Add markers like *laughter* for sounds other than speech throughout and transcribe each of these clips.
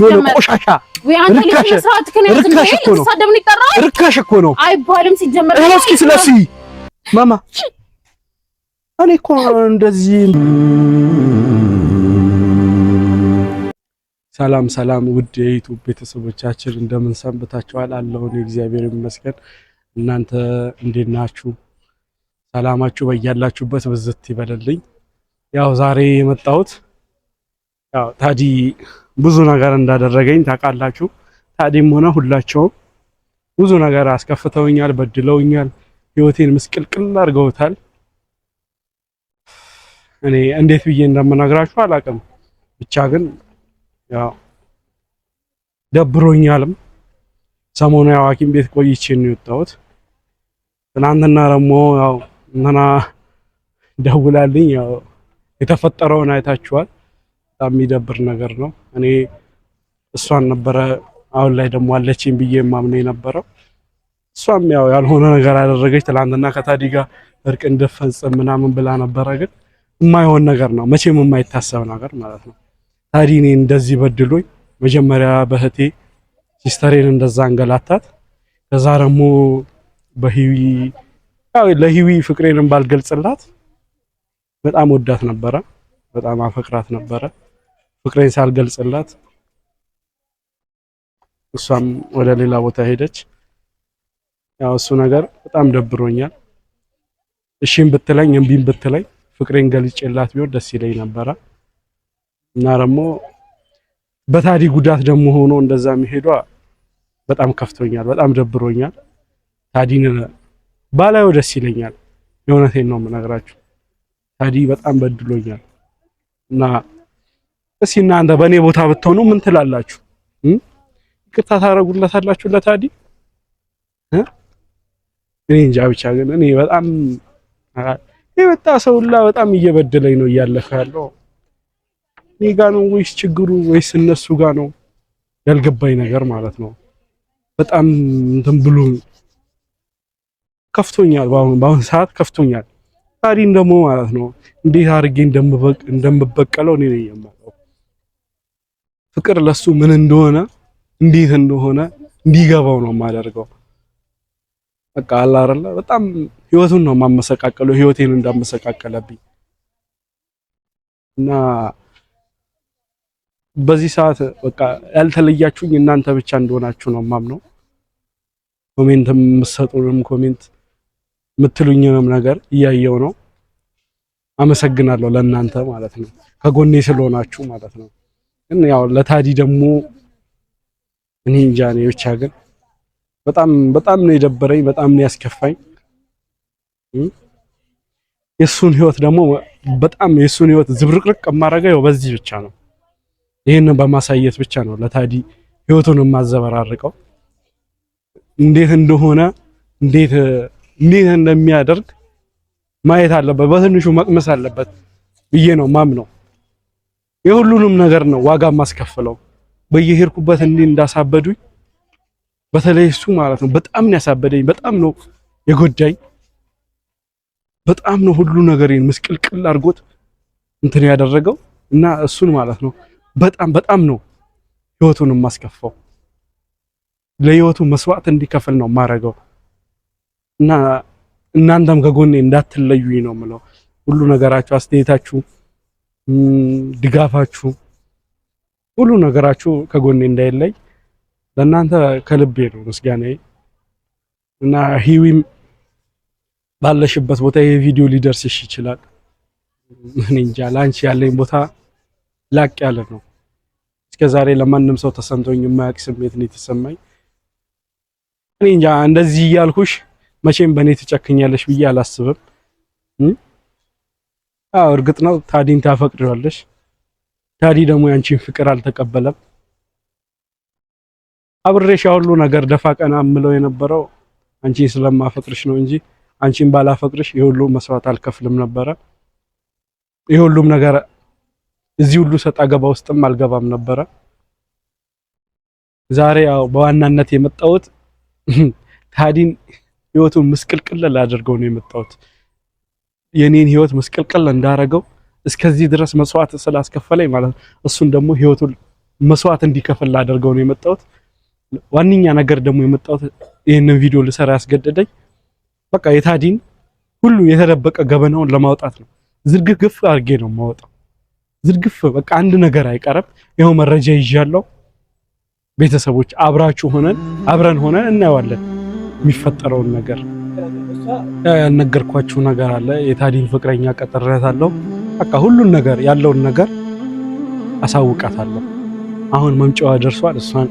የሆነ ቆሻሻ ርካሽ እኮ ነው አይባልም። ሲጀመር እስኪ ስለሲ ማማ እኔ እኮ እንደዚህ ሰላም ሰላም፣ ውድ የዩቱብ ቤተሰቦቻችን እንደምን ሰንብታችኋል? አለሁን እግዚአብሔር ይመስገን። እናንተ እንዴት ናችሁ? ሰላማችሁ በያላችሁበት ብዝት ይበልልኝ። ያው ዛሬ የመጣሁት ያው ታዲ ብዙ ነገር እንዳደረገኝ ታውቃላችሁ። ታዲም ሆነ ሁላቸውም ብዙ ነገር አስከፍተውኛል፣ በድለውኛል፣ ህይወቴን ምስቅልቅል አድርገውታል። እኔ እንዴት ብዬ እንደምነግራችሁ አላውቅም። ብቻ ግን ያው ደብሮኛልም። ሰሞኑ ያው ሐኪም ቤት ቆይቼ ነው የወጣሁት። ትናንትና ደግሞ ያው እንትና ደውላልኝ ያው የተፈጠረውን አይታችኋል። በጣም የሚደብር ነገር ነው። እኔ እሷን ነበረ አሁን ላይ ደግሞ አለችኝ ብዬ የማምነው የነበረው እሷም ያው ያልሆነ ነገር አደረገች። ትላንትና ከታዲ ጋር እርቅ እንድፈጽም ምናምን ብላ ነበረ፣ ግን የማይሆን ነገር ነው መቼም የማይታሰብ ነገር ማለት ነው። ታዲ እኔ እንደዚህ በድሎኝ መጀመሪያ በህቴ ሲስተሬን እንደዛ አንገላታት፣ ከዛ ደግሞ በህዊ ያው ለሂዊ ፍቅሬንም ባልገልጽላት በጣም ወዳት ነበረ፣ በጣም አፈቅራት ነበረ። ፍቅሬን ሳልገልጽላት እሷም ወደ ሌላ ቦታ ሄደች። ያው እሱ ነገር በጣም ደብሮኛል። እሺም ብትለኝ እምቢም ብትለኝ ፍቅሬን ገልጬላት ቢሆን ደስ ይለኝ ነበረ እና ደግሞ በታዲ ጉዳት ደግሞ ሆኖ እንደዛ መሄዷ በጣም ከፍቶኛል፣ በጣም ደብሮኛል። ታዲን ባላዩ ደስ ይለኛል። የእውነቴን ነው የምነግራችሁ። ታዲ በጣም በድሎኛል እና እስኪ እናንተ በእኔ ቦታ ብትሆኑ ምን ትላላችሁ? ይቅርታ ታደርጉለታላችሁ ለታዲ? እኔ እንጃ ብቻ ግን እኔ በጣም የመጣ ሰው በጣም እየበደለኝ ነው እያለፈ ያለው እኔ ጋ ነው ወይስ ችግሩ ወይስ እነሱ ጋ ነው ያልገባኝ ነገር ማለት ነው። በጣም እንትን ብሎ ከፍቶኛል። በአሁን ሰዓት ከፍቶኛል። ታዲን ደግሞ ማለት ነው እንዴት አድርጌ እንደምበቀለው እኔ ነኝ ፍቅር ለሱ ምን እንደሆነ እንዴት እንደሆነ እንዲገባው ነው የማደርገው። በቃ አላ አይደለ በጣም ህይወቱን ነው የማመሰቃቀለው፣ ህይወቴን እንዳመሰቃቀለብኝ እና በዚህ ሰዓት በቃ ያልተለያችሁኝ እናንተ ብቻ እንደሆናችሁ ነው የማምነው። ኮሜንት የምትሰጡንም ኮሜንት የምትሉኝንም ነገር እያየው ነው። አመሰግናለሁ ለእናንተ ማለት ነው፣ ከጎኔ ስለሆናችሁ ማለት ነው። ግን ያው ለታዲ ደግሞ እኔ እንጃ ብቻ ግን በጣም በጣም ነው የደበረኝ፣ በጣም ነው ያስከፋኝ። የሱን ህይወት ደግሞ በጣም የሱን ህይወት ዝብርቅርቅ የማደርገው በዚህ ብቻ ነው፣ ይህን በማሳየት ብቻ ነው ለታዲ ህይወቱን የማዘበራርቀው እንዴት እንደሆነ እንዴት እንዴት እንደሚያደርግ ማየት አለበት፣ በትንሹ መቅመስ አለበት ብዬ ነው ማምነው። የሁሉንም ነገር ነው ዋጋ የማስከፍለው። በየሄድኩበት እንዲህ እንዳሳበዱኝ በተለይ እሱ ማለት ነው በጣም ነው ያሳበደኝ፣ በጣም ነው የጎዳኝ፣ በጣም ነው ሁሉ ነገሬን ምስቅልቅል አድርጎት እንትን ያደረገው እና እሱን ማለት ነው በጣም በጣም ነው ህይወቱን ማስከፈው ለህይወቱ መስዋዕት እንዲከፍል ነው ማረገው እና እናንተም ከጎኔ እንዳትለዩኝ ነው ምለው ሁሉ ነገራችሁ አስተያየታችሁ ድጋፋችሁ፣ ሁሉ ነገራችሁ ከጎኔ እንዳይለይ ለእናንተ ከልቤ ነው ምስጋናዬ እና ሂዊም ባለሽበት ቦታ ይሄ ቪዲዮ ሊደርስሽ ይችላል። ምን እንጃ ላንቺ ያለኝ ቦታ ላቅ ያለ ነው። እስከ ዛሬ ለማንም ሰው ተሰምቶኝ የማያውቅ ስሜት ነው የተሰማኝ። እኔ እንጃ እንደዚህ እያልኩሽ መቼም በእኔ ትጨክኛለሽ ብዬ አላስብም። አዎ እርግጥ ነው ታዲን ታፈቅደዋለሽ። ታዲ ደግሞ ያንቺን ፍቅር አልተቀበለም። አብሬሽ ሁሉ ነገር ደፋ ቀና ምለው የነበረው አንቺን ስለማፈቅርሽ ነው እንጂ አንቺን ባላፈቅርሽ የሁሉ መስዋዕት አልከፍልም ነበረ። የሁሉም ነገር እዚህ ሁሉ ሰጣ ገባ ውስጥም አልገባም ነበረ። ዛሬ ያው በዋናነት የመጣሁት *laughs* ታዲን ህይወቱን ምስቅልቅል ላደርገው ነው የመጣሁት። የኔን ህይወት መስቀልቀል እንዳረገው እስከዚህ ድረስ መስዋዕት ስላስከፈለኝ ማለት ነው። እሱን ደግሞ ህይወቱን መስዋዕት እንዲከፍል ላደርገው ነው የመጣሁት። ዋነኛ ነገር ደግሞ የመጣሁት ይህንን ቪዲዮ ልሰራ ያስገደደኝ በቃ የታዲን ሁሉ የተደበቀ ገበናውን ለማውጣት ነው። ዝርግፍ አድርጌ ነው የማወጣው። ዝርግፍ በቃ አንድ ነገር አይቀርም። ይኸው መረጃ ይዣለሁ። ቤተሰቦች አብራችሁ ሆነን አብረን ሆነን እናየዋለን የሚፈጠረውን ነገር ያልነገርኳችሁ ነገር አለ። የታዲን ፍቅረኛ ቀጥሬያታለሁ። በቃ ሁሉን ነገር ያለውን ነገር አሳውቃታለሁ። አሁን መምጫዋ ደርሷል። እሷን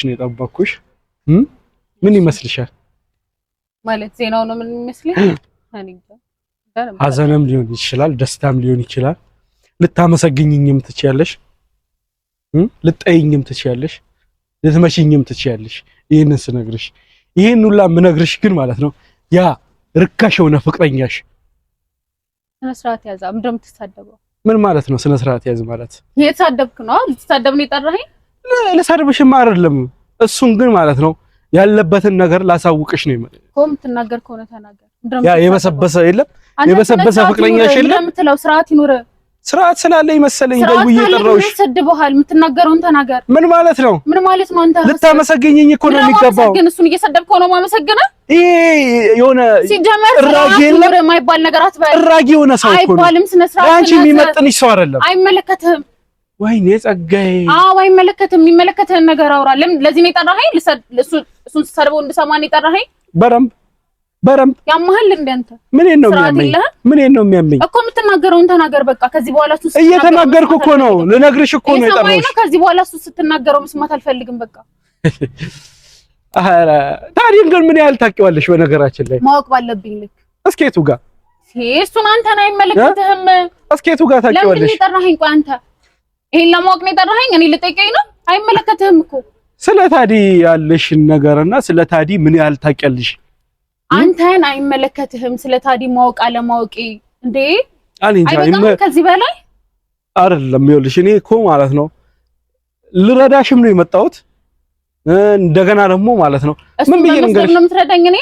ትንሽ ነው የጠበኩሽ። ምን ይመስልሻል? ማለት ዜናው ነው ምን ይመስልሽ? *clears throat* ሀዘንም ሊሆን ይችላል፣ ደስታም ሊሆን ይችላል። ልታመሰግኝኝም ትችያለሽ፣ ልጠይኝም ትችያለሽ፣ ልትመሽኝም ትችያለሽ። ይህንን ስነግርሽ ይህን ሁላ ምነግርሽ ግን ማለት ነው ያ ርካሽ የሆነ ፍቅረኛሽ ስነ ስርዓት ያዝ። ምንድን ምን ማለት ነው ስነ ስርዓት ያዝ ማለት? የተሳደብክ ነው ልትሳደብ ነው የጠራኸኝ? ልሰድብሽም አይደለም እሱን ግን ማለት ነው ያለበትን ነገር ላሳውቅሽ ነው የመጣው ኮም ትናገር ከሆነ ተናገር። ያ የበሰበሰ የለም የበሰበሰ ፍቅረኛሽ የለም የምትለው ስርዓት ይኑር። ስርዓት ስላለኝ መሰለኝ ደውዬ ጠራሁሽ። ሰድበሃል፣ የምትናገረውን ተናገር። ምን ማለት ነው? ምን ማለት ነው? አንተ ልታመሰግኝኝ እኮ ነው የሚገባው። ግን እሱን እየሰደብከው ነው ማመሰግነህ? ይሄ የሆነ ሲጀመር የማይባል ነገር አትበል። ጥራጊ የሆነ ሰው እኮ ነው አይባልም። ስነ ስርዓት ለአንቺ የሚመጥንሽ ሰው አይደለም። አይመለከትህም ወይኔ ጸጋዬ፣ አዎ አይመለከትም። የሚመለከትህን ነገር አውራ። ለምን ለዚህ ነው የጠራኸኝ? እሱን ስሰድበው እንድሰማ ነው የጠራኸኝ? በደምብ በደምብ ያማህል። እንደ አንተ ምን ነው የሚያመኝ? ምን ነው የሚያመኝ እኮ የምትናገረውን ተናገር። በቃ ከዚህ በኋላ እሱ እየተናገርኩ እኮ ነው፣ ልነግርሽ እኮ ነው የጠራሁሽ። ከዚህ በኋላ እሱ ስትናገረው መስማት አልፈልግም። በቃ *laughs* አረ ታዲያ ግን ምን ያህል ታውቂዋለሽ? በነገራችን ላይ ማወቅ ባለብኝ ልክ እስኬቱ ጋር እሱን አንተን አይመለከትህም። እስኬቱ ጋር ታውቂዋለሽ። ለምን የጠራኸኝ? ቆይ አንተ ይሄን ለማወቅ ነው የጠራኸኝ? እኔ ልጠይቀኝ ነው? አይመለከትህም እኮ ስለ ታዲ ያለሽን ነገርና ስለ ታዲ ምን ያህል ታውቂያለሽ? አንተን አይመለከትህም። ስለ ታዲ ማወቅ አለማወቂ እንዴ አይበቃም? ከዚህ በላይ አይደለም። ይኸውልሽ እኔ እኮ ማለት ነው ልረዳሽም ነው የመጣሁት እንደገና ደግሞ ማለት ነው ምን ብዬ ልንገርሽ ነው የምትረዳኝ እኔ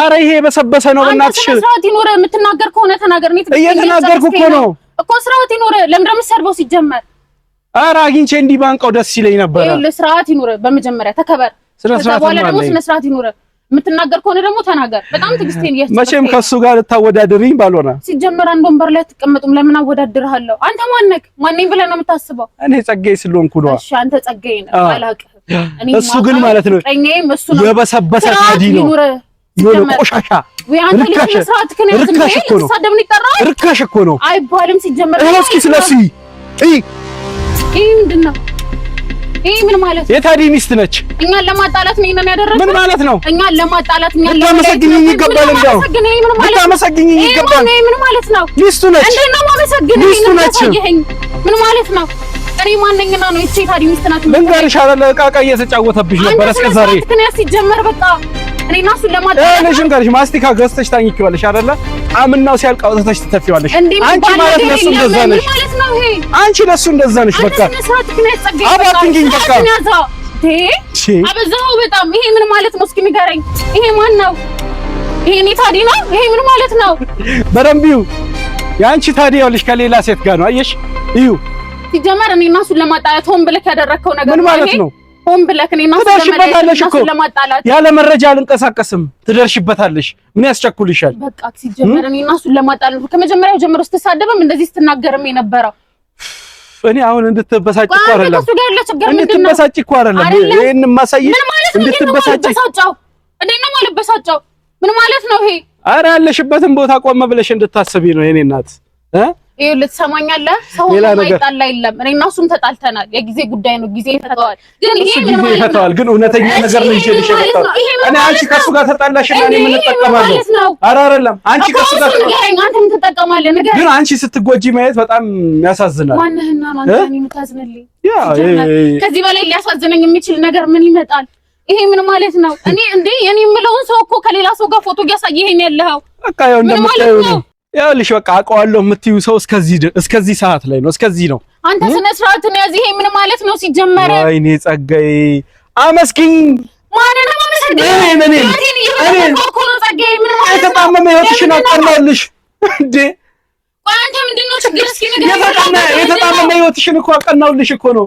አረ ይሄ የበሰበሰ ነው በእናትሽ አንተ ስርዓት ይኖር የምትናገር ከሆነ ተናገር ነው እየተናገርኩ እኮ ነው እኮ ስርዓት ይኖር ለምን ደግሞ ሲጀመር ኧረ አግኝቼ እንዲህ ባንቀው ደስ ይለኝ ነበረ። ይኸውልህ ስርዓት ይኑር፣ በመጀመሪያ ተከበር። ስነ ስርዓት ደግሞ ስነ ስርዓት ይኑር። የምትናገር ከሆነ ደግሞ ተናገር። በጣም ትግስቴን ይያስ መቼም ከሱ ጋር ልታወዳድሪኝ ባልሆነ። ሲጀመር አንድ ወንበር ላይ አትቀመጡም። ለምን አወዳድርሃለሁ? አንተ ማነክ ማነኝ ብለህ ነው የምታስበው? እኔ ጸጋዬ ስለሆንኩ ነው። እሺ አንተ ጸጋዬ ነህ አላውቅህ። እሱ ግን ማለት ነው ነው። የበሰበሰ ታዲ ነው የሆነ ቆሻሻ ርካሽ እኮ ነው። አይባልም ሲጀመር እስኪ እይ ይሄ ምንድን ነው? ይሄ ምን ማለት ነው? የታዲ ሚስት ነች። እኛን ለማጣላት ነው ይሄንን ምን ማለት ነው? እኛን ለማጣላት እኛን ለማሰግኝ ይገባል። እንደው ልታመሰግኝ ይገባል። ምን ማለት ነው? ሚስቱ ነች። እንዴት ነው ማመሰግኝ? ሚስቱ ነች። ምን ማለት ነው? እኔ ማንኛና ነው እቺ ታዲ ሚስት ናት። ልንገርሽ አይደለ ዕቃ ዕቃ እየተጫወተብሽ ነበር እስከ ዛሬ። ምክንያት ሲጀመር በቃ እኔና እሱን ለማጣላት እኔ ልንገርሽ ማስቲካ ገዝተሽ ታኝኪዋለሽ አይደለ አምናው ሲያልቅ አውጥተሽ ትተፊዋለሽ። አንቺ ማለት ለሱ እንደዛ ነሽ። አንቺ ለሱ እንደዛ ነሽ። በቃ አባትንግኝ በቃ አበዛው በጣም። ይሄ ምን ማለት ነው? እስኪ ንገረኝ። ይሄ ማን ነው? ይሄ እኔ ታዲ ነው? ይሄ ምን ማለት ነው? በደንብ ይሁ። የአንቺ ታዲ ያውልሽ ከሌላ ሴት ጋር ነው። አየሽ፣ ይሁ ሲጀመር እኔ እና እሱን ለማጣላት ሆን ብለህ ያደረግከው ነገር ምን ማለት ነው? ሆን ብለህ እኔ ትደርሽበታለሽ እኮ ያለ መረጃ አልንቀሳቀስም። ትደርሽበታለሽ። ምን ያስቸኩልሻል? በቃ ሲጀመር እኔ እና እሱን ለማጣላት ከመጀመሪያው ጀምሮ ስትሳደብም እንደዚህ ስትናገርም የነበረው እኔ አሁን እንድትበሳጭ እኮ አይደለም፣ እንድትበሳጭ እኮ አይደለም። ይሄን ማሳይ እንድትበሳጭ እንዴት ነው የማልበሳጨው? ምን ማለት ነው ይሄ? አረ ያለሽበትን ቦታ ቆመ ብለሽ እንድታስቢ ነው የኔ እናት እ ይሄ ልትሰማኛለህ። ሰው የማይጣላ የለም። እኔ እና እሱም ተጣልተናል። የጊዜ ጉዳይ ነው፣ ጊዜ ይፈታዋል። ግን ይሄ ጊዜ ይፈታዋል። ግን እውነተኛ ነገር ነው ይዤልሽ የመጣሁት። እኔ አንቺ ከሱ ጋር ተጣላሽ እና እኔ ምን እጠቀማለሁ? ኧረ አይደለም። አንቺ ከሱ ጋር አንተ አንተም ትጠቀማለህ? ነገር ግን አንቺ ስትጎጂ ማየት በጣም ያሳዝናል። ማነህና ማነህ የምታዝንልኝ? ያ ከዚህ በላይ ሊያሳዝነኝ የሚችል ነገር ምን ይመጣል? ይሄ ምን ማለት ነው? እኔ እንዴ እኔ የምለውን ሰው እኮ ከሌላ ሰው ጋር ፎቶ እያሳየ ይሄን ያለው በቃ ያው እንደምታየው ነው ያልሽ በቃ አውቀዋለሁ የምትዩ ሰው እስከዚህ እስከዚህ ሰዓት ላይ ነው። እስከዚህ ነው። አንተ ስነ ስርዓት ነው ያዚህ ምን ማለት ነው ሲጀመረ? ወይኔ ጸጋዬ፣ አመስግኝ። ማንን ነው አመስግኝ? እኔ እኔ እኔ ጸጋዬ፣ ምን ማለት ነው? ተጣመመ ህይወትሽን አቀናልሽ እንዴ? አንተ ምንድነው ችግር? እስኪ ንገረኝ። የተጣመመ ህይወትሽን እኮ አቀናውልሽ እኮ ነው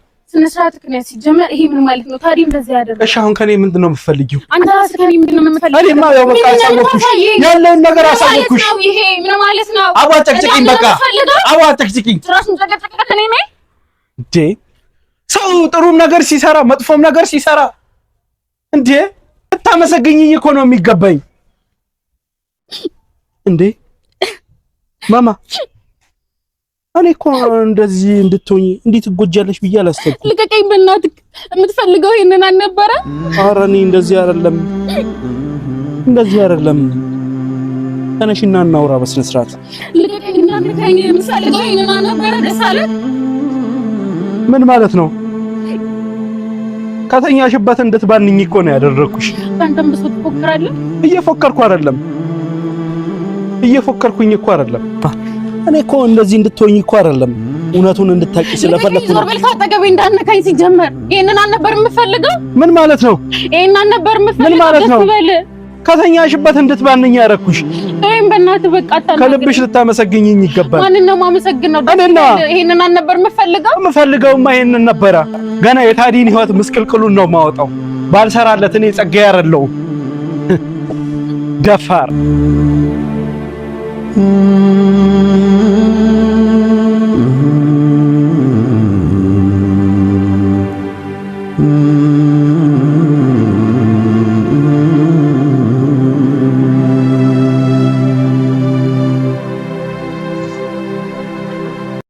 ስነ ስርዓት ምክንያት ሲጀመር ይሄ ምን ማለት ነው ታዲያ? እንደዚህ ያደረገ እሺ፣ አሁን ከኔ ምንድን ነው የምትፈልጊው? አንተ ራስህ ከኔ ምንድን ነው የምትፈልጊው? እኔማ ያው በቃ አሳወኩሽ፣ ያለውን ነገር አሳወኩሽ። ይሄ ምን ማለት ነው? አዋ ጨቅጭቂኝ፣ በቃ አዋ ጨቅጭቂኝ። ራሱን ጨቅጭቅ ከኔ ነኝ እንዴ? ሰው ጥሩም ነገር ሲሰራ መጥፎም ነገር ሲሰራ እንዴ እታመሰግኝኝ እኮ ነው የሚገባኝ እንዴ ማማ እኔ እኮ እንደዚህ እንድትሆኝ እንዴት ትጎጃለሽ ብዬ አላሰብኩም። ልቀቀኝ በእናትህ። የምትፈልገው ይሄንን አልነበረ? ኧረ እኔ እንደዚህ አይደለም፣ እንደዚህ አይደለም። ተነሽና እናውራ በስነ ስርዓት። ምን ማለት ነው? ከተኛሽበት እንድትባንኝ እኮ ነው ያደረኩሽ። አንተም ብሶ እየፎከርኩ አይደለም፣ እየፎከርኩኝ እኮ አይደለም እኔ እኮ እንደዚህ እንድትሆኝ እኮ አይደለም፣ እውነቱን እንድታቂ ስለፈለኩ ነው። ዞርበል ካጠገቤ እንዳነካኝ ሲጀመር ይሄንን አልነበር የምፈልገው። ምን ማለት ነው? ይሄንን አልነበር የምፈልገው። ምን ማለት ነው? ከተኛሽበት እንድትባንኝ ያረኩሽ። እኔም በእናት በቃ ከልብሽ ልታመሰግኝኝ ይገባል። ማንን ነው የማመሰግነው? እኔና ይሄንን አልነበር የምፈልገው። የምፈልገውማ ይሄንን ነበረ። ገና የታዲን ህይወት ምስቅልቅሉን ነው የማወጣው። ባልሰራለት እኔ ጸጋ ያረለው ደፋር